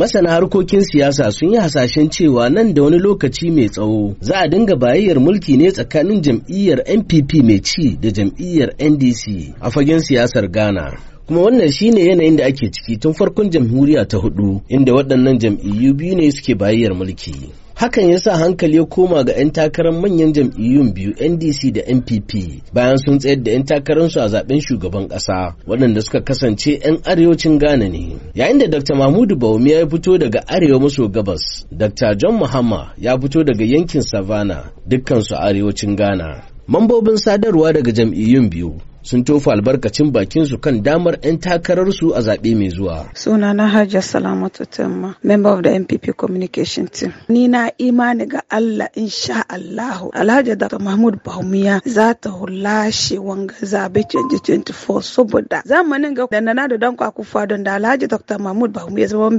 masana harkokin siyasa sun yi hasashen cewa nan da wani lokaci mai tsawo za a dinga bayayyar mulki ne tsakanin jam'iyyar npp mai ci da jam'iyyar ndc a fagen siyasar ghana kuma wannan shine yanayin da ake ciki tun farkon jamhuriya ta hudu inda waɗannan jam'iyyu biyu ne suke bayayyar mulki hakan ya sa hankali ya koma ga 'yan takarar manyan jam'iyyun biyu ndc da npp bayan sun tsayar da 'yan takararsu a zaben shugaban ƙasa waɗanda suka kasance 'yan arewacin ghana ne yayin da dr mahmudu Bawumi ya fito daga arewa maso gabas dr john mahama ya fito daga yankin savannah dukkansu arewacin ghana mambobin sadarwa daga jam'iyyun biyu sun tofa albarkacin bakin su kan damar 'yan takararsu a zaɓe mai zuwa. na Hajji Salamatu Tamma, member of the MPP communication team. Ni na imani ga Allah insha Allahu. Alhaji Dr. Mahmud Bahumiya za ta hulashe wanga zaɓe 2024 saboda zamanin ga nana da don kwakufa don da Alhaji Dr. Mahmud Bahumiya zama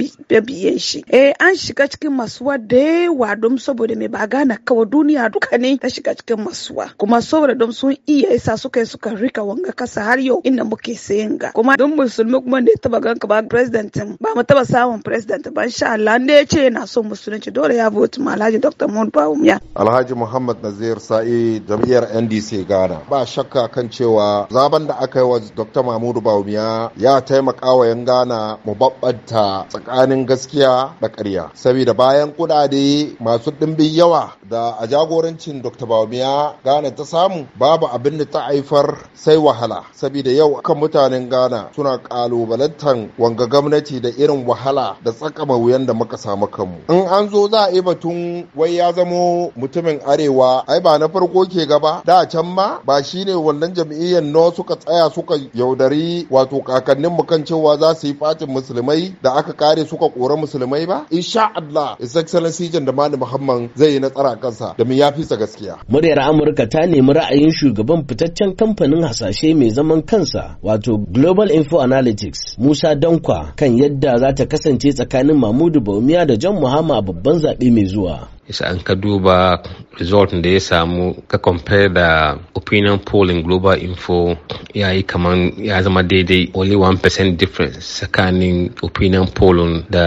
biyan shi. Eh an shiga cikin masuwa da yawa don saboda mai ba gana kawai duniya duka ne ta shiga cikin masuwa. Kuma saboda don sun iya isa suka yi suka rika wanga kasa har yau inda muke sayin ga kuma don musulmi kuma ne ya taba ganka ba president ba mu taba samun president ba insha Allah inda ya ce yana son musulunci dole ya vote ma Alhaji Dr. Mahmud Bawumia Alhaji Muhammad Nazir Sa'i jam'iyyar NDC Ghana ba shakka kan cewa zaben da aka yi wa Dr. Mahmud Bawumiya ya taimaka wa yan Ghana mu babbanta tsakanin gaskiya da ƙarya saboda bayan kudade masu dimbin yawa da a jagorancin Dr. Bawumiya Ghana ta samu babu abin da ta haifar sai wahala saboda yau kan mutanen ghana suna kalubalantan wanga gwamnati da irin wahala da tsakama wuyan da muka samu kanmu in an zo za a yi batun wai ya zamo mutumin arewa ai ba na farko ke gaba da can ma ba shine wannan jam'iyyar no suka tsaya suka yaudari wato kakannin mu kan cewa za su yi fatin musulmai da aka kare suka kora musulmai ba insha Allah his excellency jan da muhammad zai yi nasara kansa da mu yafi sa gaskiya muryar amurka ta nemi ra'ayin shugaban fitaccen kamfanin hasa hasashe mai zaman kansa wato Global Info Analytics Musa Dankwa kan yadda za ta kasance tsakanin Mahmudu Baumiya da John Mahama a babban zaɓe mai zuwa. isa an ka duba result da ya samu ka compare da opinion polling global info ya yi kaman ya zama daidai only 1% difference tsakanin opinion polling da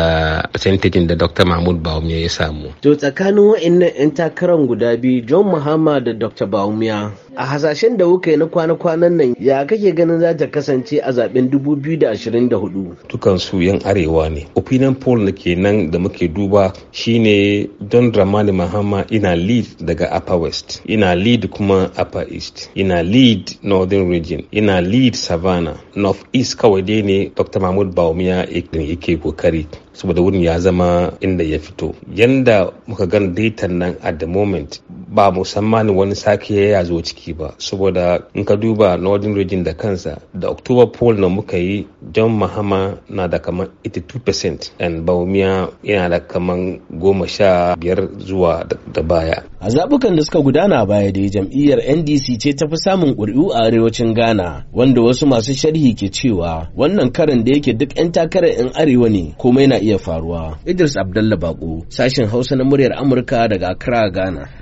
percentage da dr mahmud baumia ya samu to tsakanin wa'annan 'yan takarar guda biyu john Mahama da dr baumia a hasashen da kuka yi na kwana-kwanan nan ya kake ganin za ta kasance a zaben 2024 dukansu yan arewa ne opinion poll da ke nan da muke duba shine don drama Mali Mahama ina lead daga Upper West, ina lead kuma Upper East, ina lead Northern Region, ina lead Savannah, North East kawai dai ne Dr. Mahmud Baumiya yake kokari. saboda wurin ya zama inda ya fito yanda muka gan datan nan at the moment ba musamman wani sake ya zo ciki ba saboda in ka duba northern region da kansa da october poll na muka yi john mahama na da kamar 82% and baumia yana da kamar goma sha biyar zuwa da baya a zabukan da suka gudana baya da jam'iyyar ndc ce ta fi samun ƙuri'u a arewacin ghana wanda wasu masu sharhi ke cewa wannan karin da yake duk 'yan takarar 'yan arewa ne kuma yana iya faruwa. Idris Abdallah Bako, sashen Hausa na muryar Amurka daga Accra, Ghana.